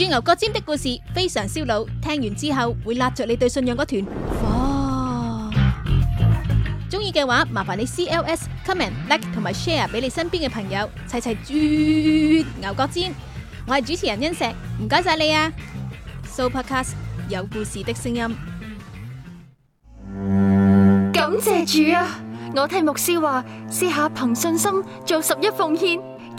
鑽牛角尖的故事非常燒腦，聽完之後會拉著你對信仰嗰團火。中意嘅話，麻煩你 C L S comment like 同埋 share 俾你身邊嘅朋友，齊齊鑽牛角尖。我係主持人欣石，唔該晒你啊！Sooopodcast 有故事的聲音，感謝主啊！我聽牧師話，試下憑信心做十一奉獻。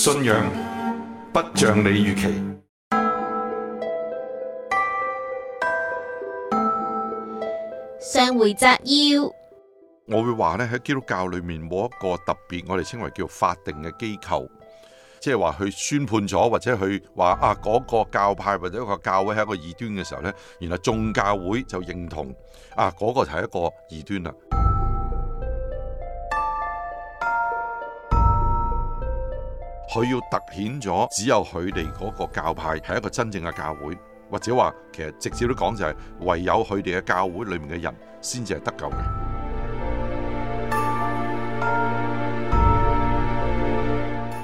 信仰不像你預期。上回摘要，我會話呢喺基督教裏面冇一個特別，我哋稱為叫法定嘅機構，即係話去宣判咗或者去話啊嗰、那個教派或者一個教會係一個異端嘅時候呢，原來眾教會就認同啊嗰、那個就係一個異端啦。佢要突顯咗，只有佢哋嗰個教派係一個真正嘅教會，或者話其實直接都講就係唯有佢哋嘅教會裏面嘅人先至係得救嘅。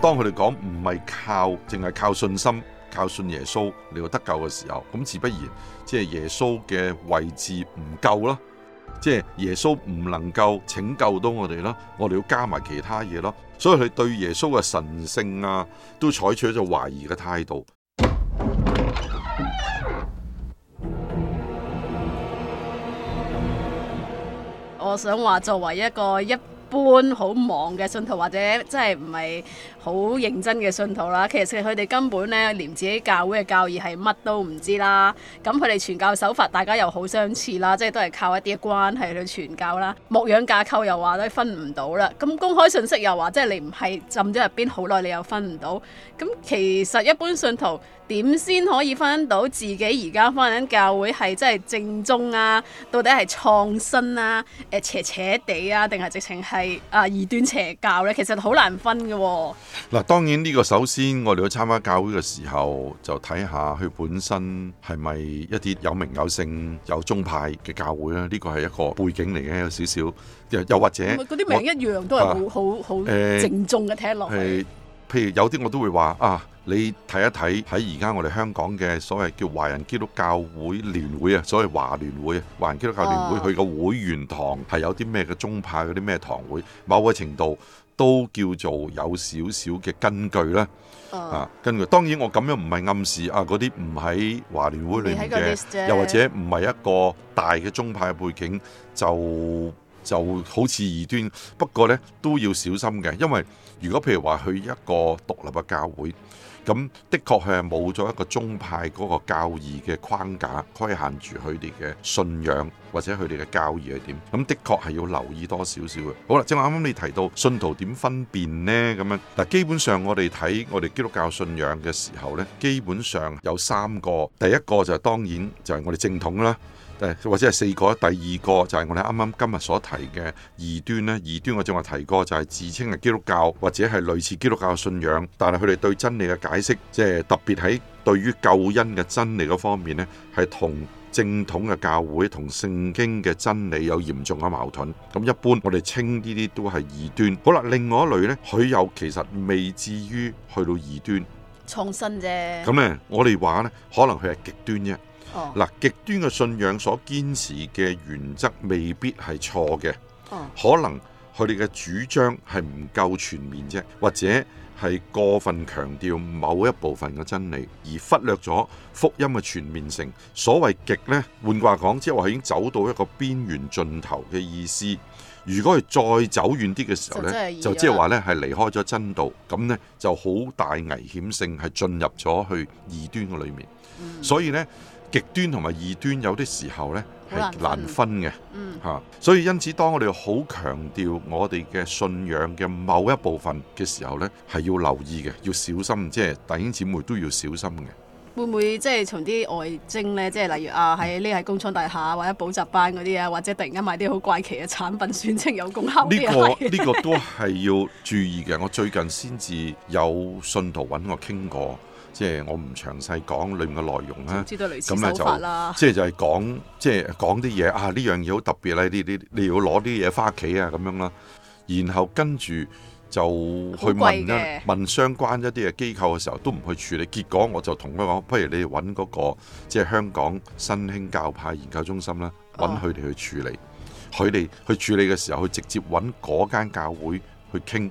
當佢哋講唔係靠，淨係靠信心，靠信耶穌嚟到得救嘅時候，咁自不然即係耶穌嘅位置唔夠啦，即係耶穌唔能夠拯救到我哋啦，我哋要加埋其他嘢咯。所以佢對耶穌嘅神性啊，都採取咗一個懷疑嘅態度。我想話作為一個一。一般好忙嘅信徒，或者即係唔係好認真嘅信徒啦。其實佢哋根本咧，連自己教會嘅教義係乜都唔知啦。咁佢哋傳教手法，大家又好相似啦，即係都係靠一啲關係去傳教啦。牧養架構又話咧分唔到啦。咁公開信息又話，即係你唔係浸咗入邊好耐，你又分唔到。咁其實一般信徒。點先可以分到自己而家翻緊教會係真係正宗啊？到底係創新啊？誒、呃、斜斜地啊？定係直情係啊異端邪教咧？其實好難分嘅。嗱，當然呢個首先我哋去參加教會嘅時候，就睇下佢本身係咪一啲有名有姓有宗派嘅教會咧？呢、呢個係一個背景嚟嘅，有少少又又或者啲名字一樣，都係好好好正宗嘅聽落。呃譬如有啲我都會話啊，你睇一睇喺而家我哋香港嘅所謂叫華人基督教會聯會啊，所謂華聯會啊，華人基督教聯會佢嘅會員堂係有啲咩嘅宗派嗰啲咩堂會，某個程度都叫做有少少嘅根據啦。啊，根據當然我咁樣唔係暗示啊嗰啲唔喺華聯會裏面嘅，又或者唔係一個大嘅宗派嘅背景就就好似異端，不過呢，都要小心嘅，因為。如果譬如話去一個獨立嘅教會，咁的確係冇咗一個宗派嗰個教義嘅框架規限住佢哋嘅信仰或者佢哋嘅教義係點，咁的確係要留意多少少嘅。好啦，正啱啱你提到信徒點分辨呢，咁樣嗱，基本上我哋睇我哋基督教信仰嘅時候呢，基本上有三個，第一個就係當然就係我哋正統啦。誒，或者係四個，第二個就係我哋啱啱今日所提嘅異端咧。異端我正話提過，就係自稱係基督教或者係類似基督教信仰，但係佢哋對真理嘅解釋，即係特別喺對於救恩嘅真理嗰方面，呢係同正統嘅教會同聖經嘅真理有嚴重嘅矛盾。咁一般我哋稱呢啲都係異端。好啦，另外一類呢，佢又其實未至於去到異端，創新啫。咁咧，我哋話呢，可能佢係極端啫。嗱、哦，極端嘅信仰所堅持嘅原則未必係錯嘅，可能佢哋嘅主張係唔夠全面啫，或者係過分強調某一部分嘅真理，而忽略咗福音嘅全面性。所謂極呢，換句話講，即係話已經走到一個邊緣盡頭嘅意思。如果佢再走遠啲嘅時候就就呢，呢，就即係話呢係離開咗真道，咁呢，就好大危險性，係進入咗去異端嘅裏面、嗯。所以呢。極端同埋異端有啲時候呢係難分嘅，吓，所以因此當我哋好強調我哋嘅信仰嘅某一部分嘅時候呢，係要留意嘅，要小心，即係弟兄姊妹都要小心嘅。會唔會即係從啲外徵呢？即係例如啊，喺呢個工廠大廈或者補習班嗰啲啊，或者突然間買啲好怪奇嘅產品宣稱有功效呢？呢個呢個都係要注意嘅。我最近先至有信徒揾我傾過。即係我唔詳細講裏面嘅內容啦，咁咧就即係就係講即係講啲嘢啊！呢樣嘢好特別啦，呢啲你要攞啲嘢返屋企啊咁樣啦，然後跟住就去問呀問相關一啲嘅機構嘅時候都唔去處理，結果我就同佢講，不如你揾嗰個即係香港新興教派研究中心啦，揾佢哋去處理，佢哋去處理嘅時候佢直接揾嗰間教會去傾，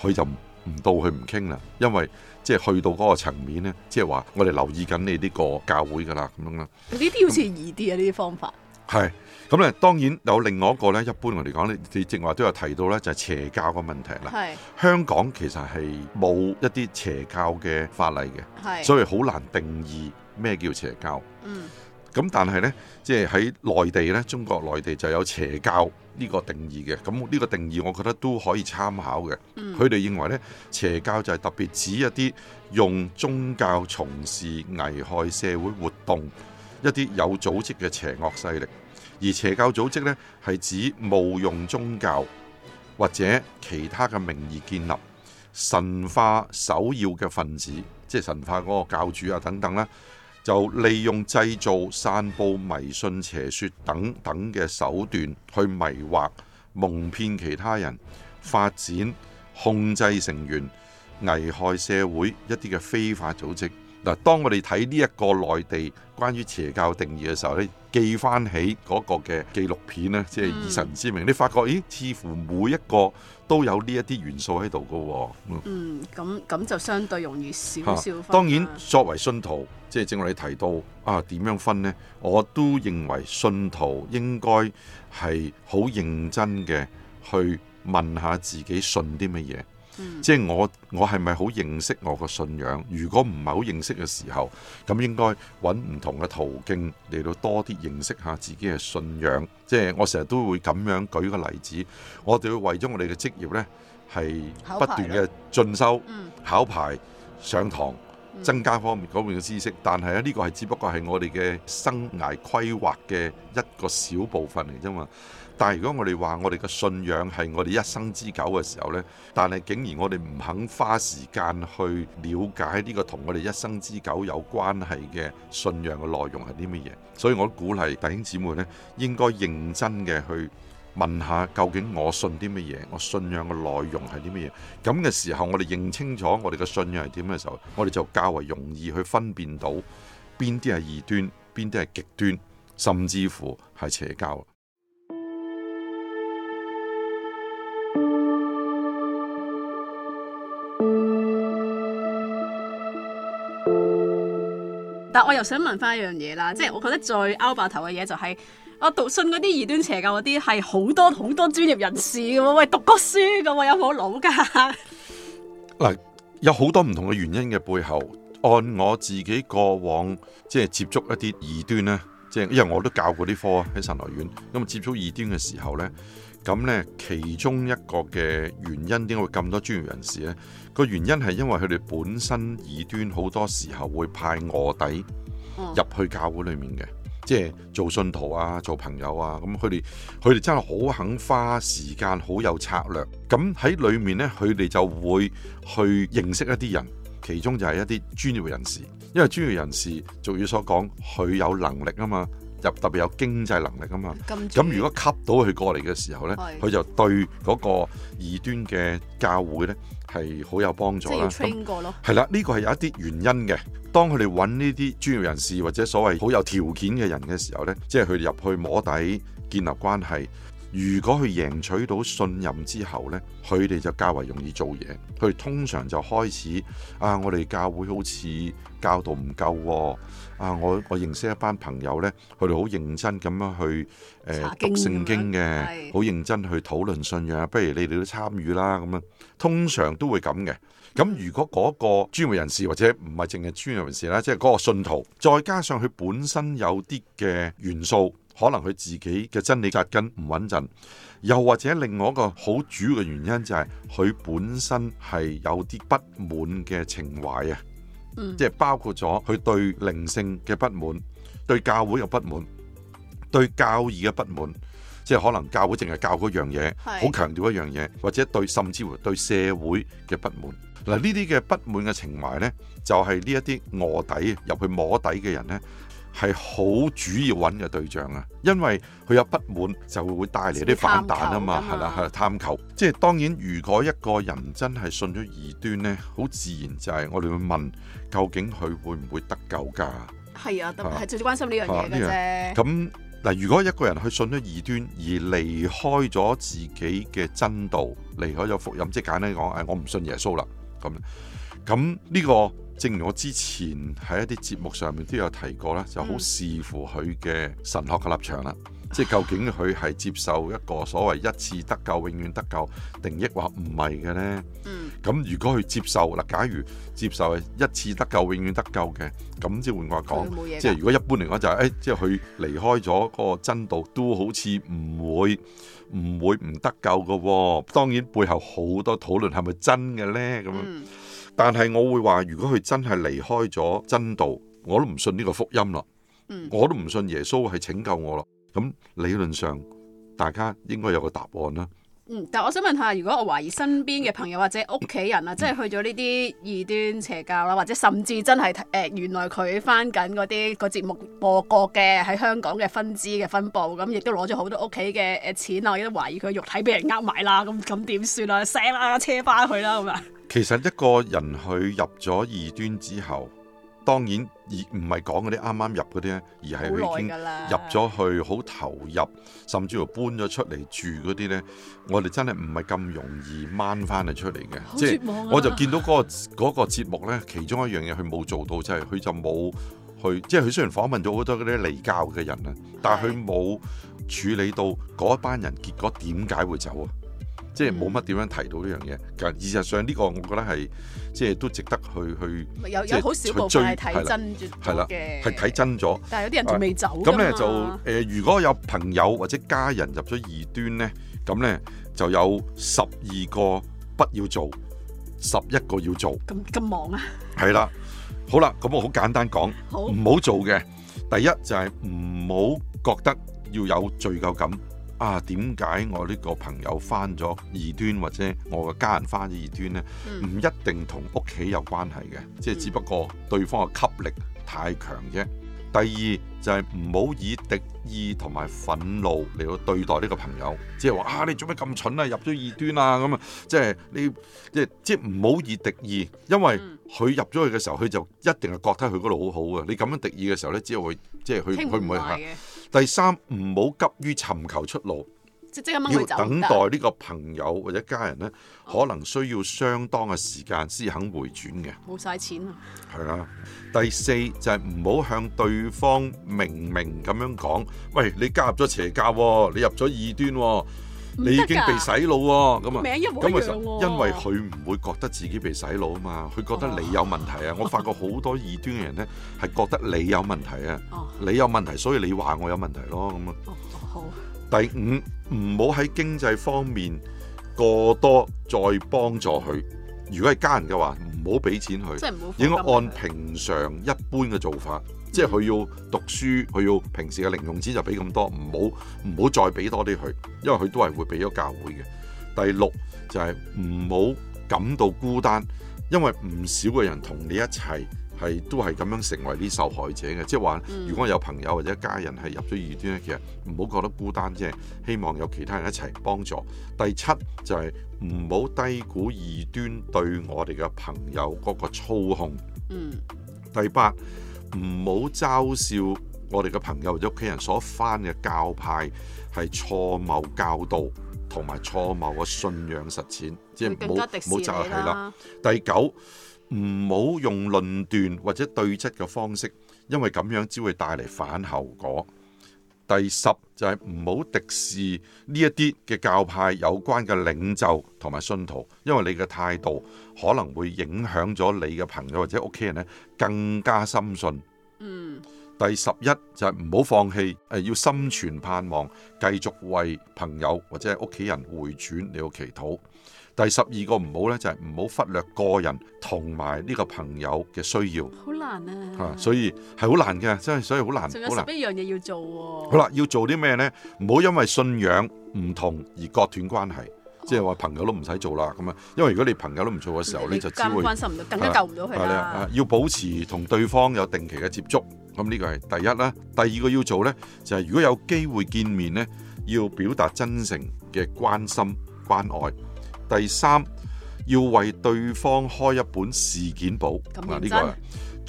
佢就。唔到佢唔傾啦，因為即係去到嗰個層面咧，即係話我哋留意緊你呢個教會噶啦咁樣啦。呢啲好似易啲啊，呢啲方法、嗯。係咁咧，當然有另外一個咧，一般我哋講咧，你正話都有提到咧，就係邪教個問題啦。係香港其實係冇一啲邪教嘅法例嘅，係所以好難定義咩叫邪教。嗯。咁但係呢，即係喺內地呢，中國內地就有邪教呢個定義嘅。咁呢個定義，我覺得都可以參考嘅。佢哋認為呢，邪教就係特別指一啲用宗教從事危害社會活動一啲有組織嘅邪惡勢力，而邪教組織呢，係指冒用宗教或者其他嘅名義建立神化首要嘅分子，即係神化嗰個教主啊等等啦。就利用製造、散佈、迷信、邪説等等嘅手段，去迷惑、蒙騙其他人，發展、控制成員、危害社會一啲嘅非法組織。嗱，當我哋睇呢一個內地關於邪教定義嘅時候咧，你記翻起嗰個嘅紀錄片咧，即係以神之名，嗯，你發覺，咦，似乎每一個都有呢一啲元素喺度噶喎。嗯，咁咁就相對容易少少分啦。啊，當然，作為信徒，即係正如你提到啊，點樣分呢？我都認為信徒應該係好認真嘅去問下自己信啲乜嘢。嗯、即係我我係咪好認識我個信仰？如果唔係好認識嘅時候，咁應該揾唔同嘅途徑嚟到多啲認識下自己嘅信仰。即係我成日都會咁樣舉個例子，我哋要為咗我哋嘅職業呢，係不斷嘅進修考、嗯、考牌、上堂。增加方面嗰邊嘅知識，但係咧呢個係只不過係我哋嘅生涯規劃嘅一個小部分嚟啫嘛。但係如果我哋話，我哋嘅信仰係我哋一生之久嘅時候咧，但係竟然我哋唔肯花時間去了解呢個同我哋一生之久有關係嘅信仰嘅內容係啲乜嘢，所以我鼓勵弟兄姊妹咧應該認真嘅去。問下究竟我信啲乜嘢？我信仰嘅內容係啲乜嘢？咁嘅時，時候，我哋認清楚我哋嘅信仰係點嘅時候，我哋就較為容易去分辨到邊啲係異端，邊啲係極端，甚至乎係邪教。但我又想問翻一樣嘢啦，即係我覺得最拗爆頭嘅嘢就係、係。我讀信嗰啲異端邪教嗰啲係好多好多專業人士喎，喂，讀過書噶喎，有冇腦噶？嗱，有好多唔同嘅原因嘅背後，按我自己過往即係接觸一啲異端咧，即係因為我都教過啲科喺神學院，咁接觸異端嘅時候咧，咁咧其中一個嘅原因點解會咁多專業人士咧？個原因係因為佢哋本身異端好多時候會派卧底入去教會裡面嘅。嗯即係做信徒啊，做朋友啊，咁佢哋佢哋真係好肯花時間，好有策略。咁喺裏面呢，佢哋就會去認識一啲人，其中就係一啲專業人士。因為專業人士，俗語所講，佢有能力啊嘛，入特別有經濟能力啊嘛。咁如果吸到佢過嚟嘅時候呢，佢就對嗰個異端嘅教會呢，係好有幫助啦，咁係啦，呢個係有一啲原因嘅。當佢哋揾呢啲專業人士或者所謂好有條件嘅人嘅時候呢，即係佢哋入去摸底、建立關係。如果佢贏取到信任之後呢，佢哋就較為容易做嘢。佢哋通常就開始啊，我哋教會好似教導唔夠喎。啊，我們教會好像教啊啊我，我認識一班朋友呢，佢哋好認真咁樣去誒、呃、讀聖經嘅，好認真去討論信仰。不如你哋都參與啦咁樣，通常都會咁嘅。咁如果嗰個專業人士或者唔係淨係專業人士啦，即係嗰個信徒，再加上佢本身有啲嘅元素。可能佢自己嘅真理扎根唔穩陣，又或者另外一個好主要嘅原因就係佢本身係有啲不滿嘅情懷啊，即係，嗯，包括咗佢對靈性嘅不滿，對教會有不滿，對教義嘅不滿，即係，是，可能教會淨係教嗰樣嘢，好強調一樣嘢，或者對甚至乎對社會嘅不滿。嗱，呢啲嘅不滿嘅情懷呢，就係呢一啲卧底入去摸底嘅人呢，係好主要揾嘅對象啊，因為佢有不滿就會帶嚟啲反彈啊嘛，係啦係啦探求。即係當然，如果一個人真係信咗異端呢，好自然就係我哋會問究竟佢會唔會得救㗎？係啊，得係最關心呢樣嘢咧。咁嗱，如果一個人去信咗異端而離開咗自己嘅真道，離開咗福音，即係簡單講，誒我唔信耶穌啦。咁咁呢個。正如我之前喺一啲節目上面都有提過啦，就好視乎佢嘅神學嘅立場啦、嗯，即係究竟佢係接受一個所謂一次得救、永遠得救定義，或唔係嘅咧？嗯，咁如果佢接受嗱，假如接受係一次得救、永遠得救嘅，咁即係換句話講，即係如果一般嚟講就係、是、誒、哎，即係佢離開咗嗰個真道，都好似唔會唔會唔得救嘅喎、哦。當然背後好多討論係咪真嘅咧？咁樣。嗯但係我會話，如果佢真係離開咗真道，我都唔信呢個福音啦、嗯，我都唔信耶穌係拯救我啦。咁理論上，大家應該有個答案啦。嗯，但我想問下，如果我懷疑身邊嘅朋友或者屋企人啊、嗯，即係去咗呢啲異端邪教啦，或者甚至真係誒、呃、原來佢翻緊嗰啲個節目播過嘅喺香港嘅分支嘅分部，咁亦都攞咗好多屋企嘅誒錢啊，亦都懷疑佢肉體俾人呃埋啦，咁咁點算啊？聲啦，車翻去啦咁啊！其實一個人佢入咗異端之後，當然而唔係講嗰啲啱啱入嗰啲咧，而係佢已經入咗去好投入，甚至乎搬咗出嚟住嗰啲咧，我哋真係唔係咁容易掹翻佢出嚟嘅。好絕望、啊即係、我就見到嗰、嗰個嗰個節目咧，其中一樣嘢佢冇做到就係、即係、佢就冇去，即係佢雖然訪問咗好多嗰啲離教嘅人啊，但係佢冇處理到嗰一班人，結果點解會走啊？即係冇乜點樣提到呢樣嘢，其實事實上呢個我覺得係即係都值得去去，有有好少部分係睇真，係啦，係啦，係睇真咗。但係有啲人仲未走、啊。咁咧就誒、呃，如果有朋友或者家人入咗異端咧，咁咧就有十二個不要做，十一個要做。咁咁忙啊？係啦，好啦，咁我好簡單講，唔好做嘅第一就係唔好覺得要有罪疚感。啊，點解我呢個朋友翻咗異端，或者我嘅家人翻咗異端呢？唔、嗯、一定同屋企有關係嘅，即、嗯、係只不過對方嘅吸力太強啫。第二就係唔好以敵意同埋憤怒嚟到對待呢個朋友，即係話啊，你做咩咁蠢啊，入咗異端啊咁啊！即係、就是、你即係即係唔好以敵意，因為佢入咗去嘅時候，佢就一定係覺得佢嗰度好好嘅。你咁樣敵意嘅時候呢，只會即係佢佢唔會係。第三，唔好急於尋求出路，要等待呢個朋友或者家人呢，可能需要相當嘅時間先肯回轉嘅。冇晒錢啊！係啊，第四就係唔好向對方明明咁樣講，喂，你加入咗邪教，你入咗異端。你已經被洗腦喎，啊，咁啊，咁其實因為佢唔會覺得自己被洗腦啊嘛，佢覺得你有問題啊。我發覺好多異端嘅人咧，係覺得你有問題啊，你有問題，所以你話我有問題咯咁啊。哦，好。第五，唔好喺經濟方面過多再幫助佢。如果係家人嘅話，唔好俾錢佢，應該按平常一般嘅做法。即係佢要讀書，佢要平時嘅零用錢就俾咁多，唔好唔好再俾多啲佢，因為佢都係會俾咗教會嘅。第六就係唔好感到孤單，因為唔少嘅人同你一齊係都係咁樣成為啲受害者嘅，即係話如果有朋友或者家人係入咗異端咧，其實唔好覺得孤單啫，希望有其他人一齊幫助。第七就係唔好低估異端對我哋嘅朋友嗰個操控。嗯。第八。唔好嘲笑我哋嘅朋友或者屋企人所返嘅教派係錯謬教導同埋錯謬嘅信仰實踐，即係唔好唔好就係啦。第九，唔好用論斷或者對質嘅方式，因為咁樣只會帶嚟反效果。第十就係唔好敵視呢一啲嘅教派有關嘅領袖同埋信徒，因為你嘅態度可能會影響咗你嘅朋友或者屋企人咧，更加深信。嗯，第十一就係唔好放棄，誒要心存盼望，繼續為朋友或者屋企人回轉你要祈禱。第十二個唔好咧，就係唔好忽略個人同埋呢個朋友嘅需要，好難啊！啊，所以係好難嘅，真係所以好難。仲有十一樣嘢要做喎。好啦，要做啲咩咧？唔好因為信仰唔同而割斷關係，哦，即係話朋友都唔使做啦咁啊。因為如果你朋友都唔做嘅時候你，你就只會關心唔到，更加救唔到佢啦。係，要保持同對方有定期嘅接觸，咁呢個係第一啦。第二個要做咧，就係、是、如果有機會見面咧，要表達真誠嘅關心關愛。第三，要為對方開一本事件簿，嗱呢、呢個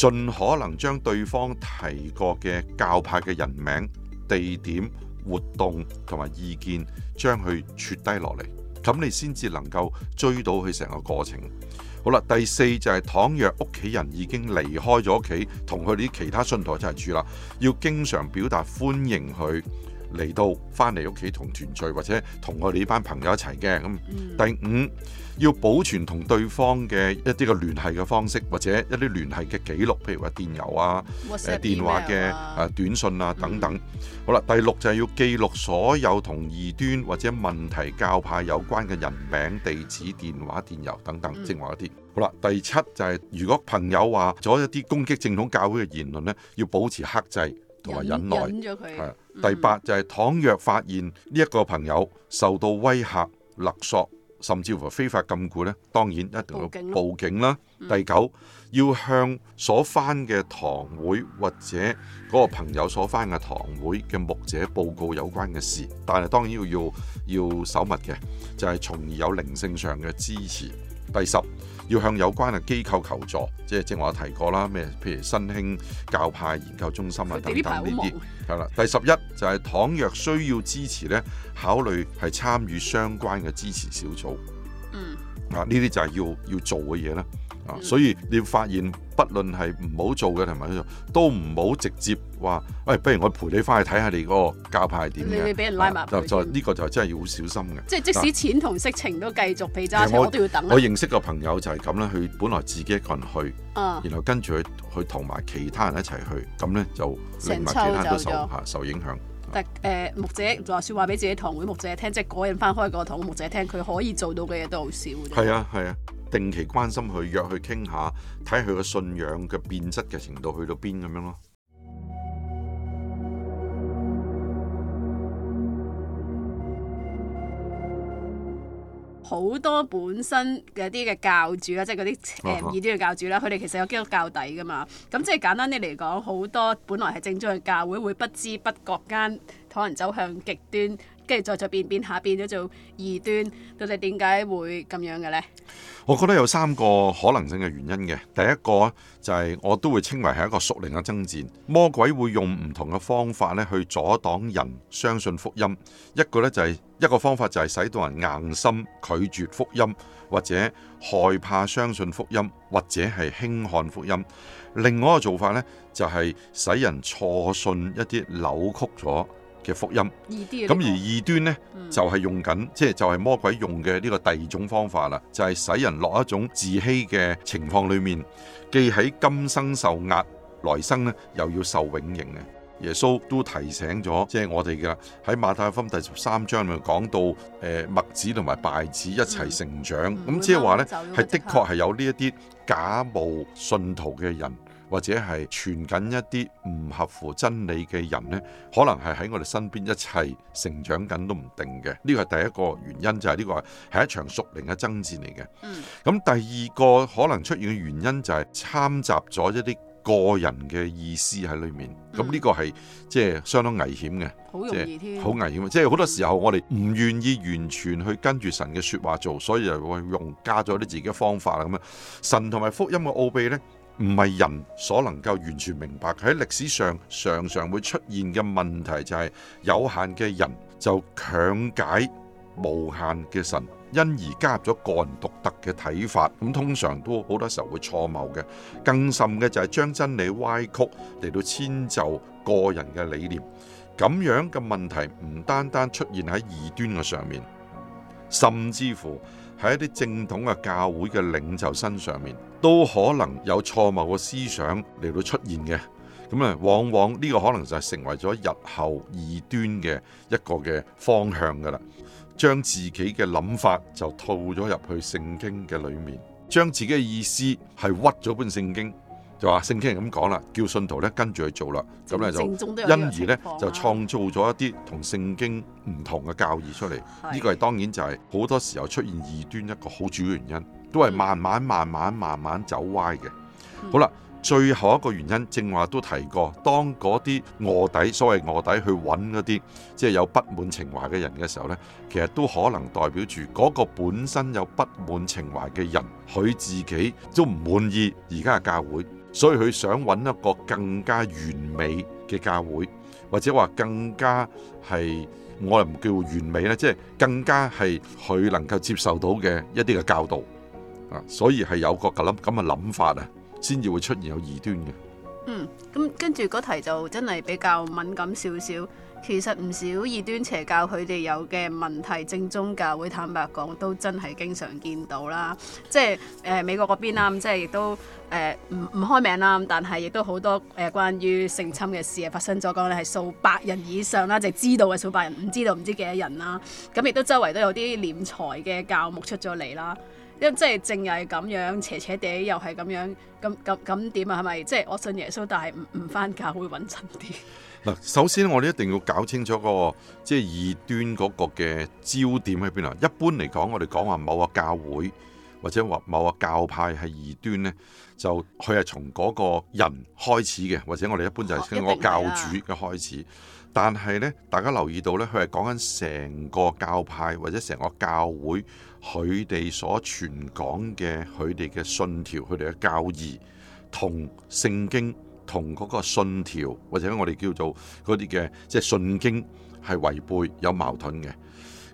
係盡可能將對方提過嘅教派嘅人名、地點、活動同埋意見將下下，將佢撮低落嚟，咁你先至能夠追到佢成個過程。好啦，第四就係倘若屋企人已經離開咗屋企，同佢哋其他信徒一齊住啦，要經常表達歡迎佢。嚟到翻嚟屋企同團聚或者同我哋呢班朋友一齊嘅。咁，第五要保存同對方嘅一啲嘅聯繫嘅方式或者一啲聯繫嘅記錄，譬如話電郵啊、誒電話嘅、誒短信啊、嗯、等等。好啦，第六就係要記錄所有同異端或者問題教派有關嘅人名、地址、電話、電郵等等，正話一啲、嗯。好啦，第七就係、是、如果朋友話咗一啲攻擊正統教會嘅言論呢，要保持克制。同埋忍耐，忍他是，嗯、第八就係、是、倘若發現呢一個朋友受到威嚇、勒索，甚至乎非法禁錮呢，當然一定要報警啦、啊、嗯。第九，要向所翻嘅堂會或者嗰個朋友所翻嘅堂會嘅牧者報告有關嘅事，但係當然要要要守密嘅，就係、是、從而有靈性上嘅支持。第十，要向有關嘅機構求助，即係正話我提過啦，咩譬如新興教派研究中心啊等等呢啲，係啦。第十一就係、是、倘若需要支持咧，考慮係參與相關嘅支持小組。嗯，啊呢啲就係要要做嘅嘢啦。嗯、所以你要發現，不論係唔好做嘅同埋都唔好直接話，喂、哎，不如我陪你翻去睇下你嗰個教派係點嘅。你你俾人拉埋、啊。就係呢、呢個就真係要小心嘅。即係即使錢同色情都繼續被揸車，我都要等。我認識個朋友就係咁啦，佢本來自己一個人去、啊，然後跟住佢去同埋其他人一齊去，咁咧就成埋其他都受受影響。但係誒、呃、牧者說說話說話俾自己堂會牧者聽，即係嗰日翻開個堂會牧者聽，佢可以做到嘅嘢都好少。係啊，係啊。定期關心佢，約佢傾下，睇佢個信仰嘅變質嘅程度去到邊咁樣咯。好多本身嘅啲嘅教主啦，即係嗰啲誒異端嘅教主啦，佢、呃、哋、 呃、 其實有基督教底噶嘛？咁即係簡單啲嚟講，好多本來係正宗嘅教會，會不知不覺間，可能走向極端。跟住再再變變下變咗做異端，到底點解會咁樣嘅呢？我覺得有三個可能性嘅原因嘅。第一個就係我都會稱為係一個屬靈嘅爭戰，魔鬼會用唔同嘅方法咧去阻擋人相信福音。一個咧就係一個方法就係使到人硬心拒絕福音，或者害怕相信福音，或者係輕看福音。另外一個做法咧就係使人錯信一啲扭曲咗嘅福音，咁而異端呢，就係、是、用緊，即係就係、是、魔鬼用嘅呢個第二種方法啦，就係、是、使人落一種自欺嘅情況裏面，既喺今生受壓，來生呢又要受永刑嘅。耶穌都提醒咗，即、就、係、是、我哋嘅喺馬太福音第十三章裏面講到，誒、呃、麥子同埋稗子一齊成長，咁即係話呢，係的確係有呢一啲假冒信徒嘅人。或者係傳緊一啲唔合乎真理嘅人呢，可能係喺我哋身邊一切成長緊都唔定嘅。呢個係第一個原因，就係、是、呢個係一場屬靈嘅爭戰嚟嘅。咁、嗯、第二個可能出現嘅原因就係摻雜咗一啲個人嘅意思喺裏面。咁、嗯、呢個係即係相當危險嘅。好容易添。好、就是、危險，即係好多時候我哋唔願意完全去跟住神嘅說話做，所以就會用加咗啲自己嘅方法啦。咁樣，神同埋福音嘅奧秘呢。唔係人所能夠完全明白，喺歷史上常常會出現嘅問題就係、是、有限嘅人就強解無限嘅神，因而加入咗個人獨特嘅睇法，咁通常都好多時候會錯謬嘅。更甚嘅就係將真理歪曲嚟到遷就個人嘅理念，咁樣嘅問題唔單單出現喺異端嘅上面，甚至乎，喺一啲正統嘅教會嘅領袖身上面，都可能有錯謬嘅思想嚟到出現嘅。咁啊，往往呢個可能就係成為咗日後異端嘅一個嘅方向噶啦。將自己嘅諗法就套咗入去聖經嘅裏面，將自己嘅意思係屈咗本聖經。就話聖經係咁講啦，叫信徒咧跟住去做啦，咁咧就因而咧就創造咗一啲同聖經唔同嘅教義出嚟。呢、這個係當然就係好多時候出現異端一個好主要原因，都係慢慢、慢慢、慢慢走歪嘅、嗯。好啦，最後一個原因，正話都提過，當嗰啲臥底所謂臥底去揾嗰啲即係有不滿情懷嘅人嘅時候呢，其實都可能代表住嗰、那個本身有不滿情懷嘅人，佢自己都唔滿意而家嘅教會。所以佢想揾一個更加完美嘅教會，或者話更加係，我又唔叫完美咧，即係更加係佢能夠接受到嘅一啲嘅教導啊，所以係有個咁諗咁嘅諗法啊，先至會出現有異端嘅。嗯，咁跟住嗰題就真係比較敏感少少。其實唔少異端邪教，佢哋有嘅問題，正宗教會坦白講，都真係經常見到啦。即係誒、呃、美國嗰邊啦，即係亦都誒唔唔開名啦。但係亦都好多誒、呃、關於性侵嘅事啊發生咗，講咧係數百人以上啦，就係、知道嘅數百人，唔知道唔知幾多人啦。咁亦都周圍都有啲斂財嘅教牧出咗嚟啦。因為即係正又係咁樣，邪邪哋又係咁樣，咁咁咁點啊？係咪即係我信耶穌，但係唔唔返教會穩陣啲？首先我哋一定要搞清楚嗰、嗰個即係異端嗰個嘅焦點喺邊啊？一般嚟講，我哋講話某個教會或者話某個教派係異端呢，就佢係從嗰個人開始嘅，或者我哋一般就係從嗰個教主嘅開始。是啊、但係呢，大家留意到呢佢係講緊成個教派或者成個教會佢哋所傳講嘅佢哋嘅信條、佢哋嘅教義同聖經。同嗰個信條或者我哋叫做嗰啲嘅即係信經係違背有矛盾嘅，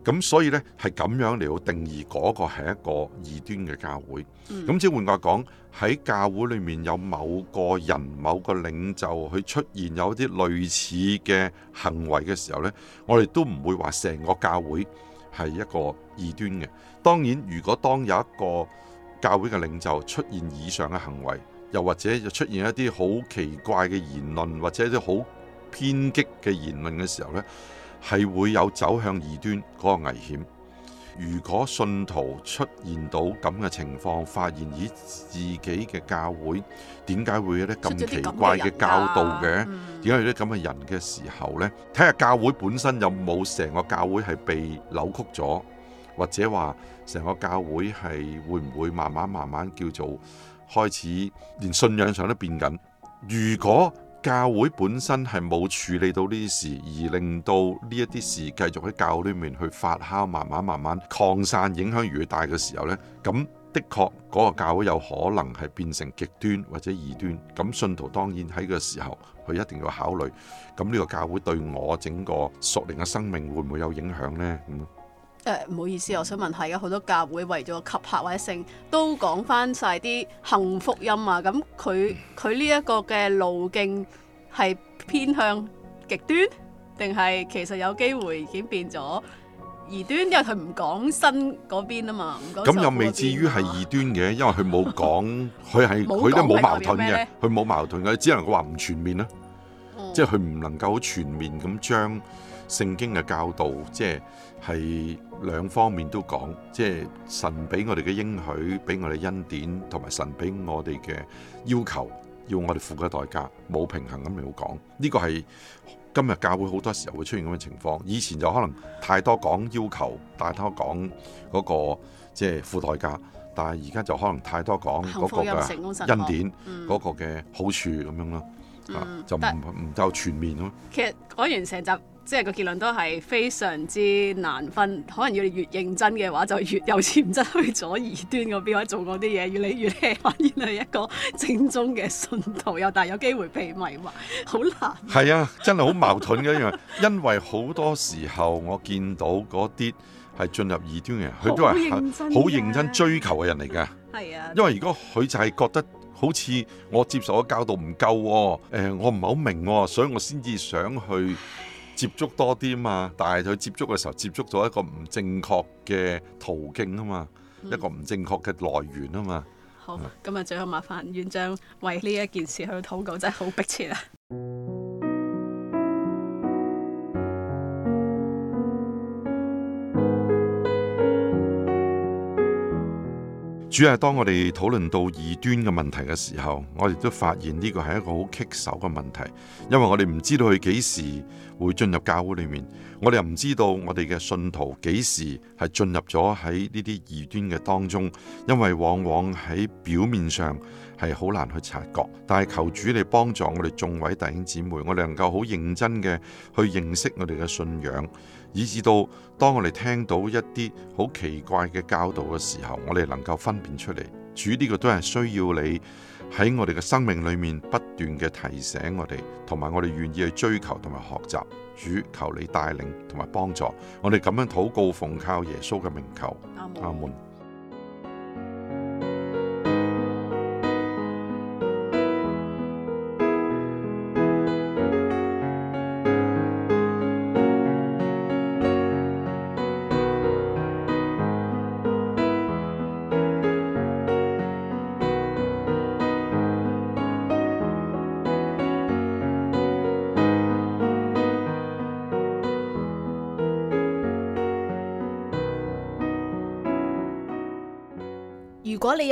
咁所以咧係咁樣嚟到定義嗰個係一個異端嘅教會，咁即係換句話講，喺教會裏面有某個人、某個領袖去出現有啲類似嘅行為嘅時候咧，我哋都唔會話成個教會係一個異端嘅。當然，如果當有一個教會嘅領袖出現以上嘅行為。又或者又出現一啲好奇怪嘅言論，或者一啲好偏激嘅言論嘅時候呢係會有走向異端嗰個危險。如果信徒出現到咁嘅情況，發現以自己嘅教會點解會有啲咁奇怪嘅教導嘅？點解、啊嗯、有啲咁嘅人嘅時候呢？睇下教會本身有冇成個教會係被扭曲咗，或者話成個教會係會唔會慢慢慢慢叫做？開始連信仰上都變緊。如果教會本身係冇處理到呢啲事，而令到呢一啲事繼續喺教裏面去發酵，慢慢慢慢擴散，影響越大嘅時候呢，咁的確嗰個教會有可能係變成極端或者異端。咁信徒當然喺個時候，佢一定要考慮，咁呢個教會對我整個屬靈嘅生命會唔會有影響呢？誒、呃、唔好意思，我想問下而家好多教會為咗吸客或者盛，都講翻晒啲幸福音啊。咁佢佢呢一個嘅路徑係偏向極端，定係其實有機會已經變咗異端，因為佢唔講新嗰邊啊嘛。咁又未至於係異端嘅，因為佢冇講，佢係佢都冇矛盾嘅，佢冇矛盾嘅，佢只能夠話唔全面啦、嗯。即係佢唔能夠好全面咁將。聖經嘅教導，即係兩方面都講，即係神俾我哋嘅應許，俾我哋恩典，同埋神俾我哋嘅要求，要我哋付嘅代價，冇平衡咁嚟講，呢、呢個係今日教會好多時候會出現咁嘅情況。以前就可能太多講要求，大多講嗰、嗰個即係付代價，但係而家就可能太多講嗰個嘅恩典嗰、嗯嗰個嘅好處咁樣咯、嗯，就唔唔夠全面咯。其實講完成集。即係個結論都係非常之難分，可能越嚟越認真嘅話，就越有潛質去咗異端嗰邊去做嗰啲嘢，越嚟越咧反而係一個正宗嘅信徒，又但係有機會被迷惑，好難。係啊，真係好矛盾嘅一樣， 因為好多時候我見到嗰啲係進入異端嘅人，佢都係好認真追求嘅人嚟㗎。係 啊，因為如果佢就係覺得好似我接受嘅教導唔夠、啊，誒、呃，我唔係好明、啊，所以我先至想去。接觸多啲嘛，但係佢接觸嘅時候，接觸咗一個唔正確嘅途徑啊嘛、嗯，一個唔正確嘅來源啊嘛。好，咁啊，最後麻煩院長為呢一件事去禱告，真係好迫切啊！ 主要係當我哋討論到異端嘅問題嘅時候，我哋都發現呢個係一個好棘手嘅問題，因為我哋唔知道佢幾時會進入教會裏面，我哋又唔知道我哋嘅信徒幾時係進入咗喺呢啲異端嘅當中，因為往往喺表面上。係好難去察覺，但係求主你幫助我哋眾位弟兄姊妹，我哋能夠好認真嘅去認識我哋嘅信仰，以至到當我哋聽到一啲好奇怪嘅教導嘅時候，我哋能夠分辨出嚟。主，呢個都係需要你喺我哋嘅生命裏面不斷嘅提醒我哋，同埋我哋願意去追求同埋學習。主，求你帶領同埋幫助我哋，咁樣禱告，奉靠耶穌嘅名求。阿門。阿們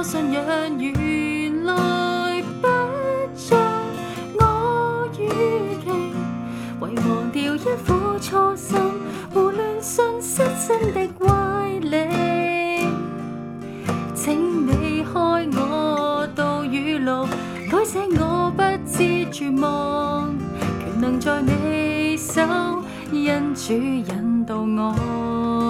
我信仰原來不像我預期，為忘掉一副初心，胡亂信失真的歪理。請你開我道語錄，改寫我不知絕望，權能在你手，因主引導我。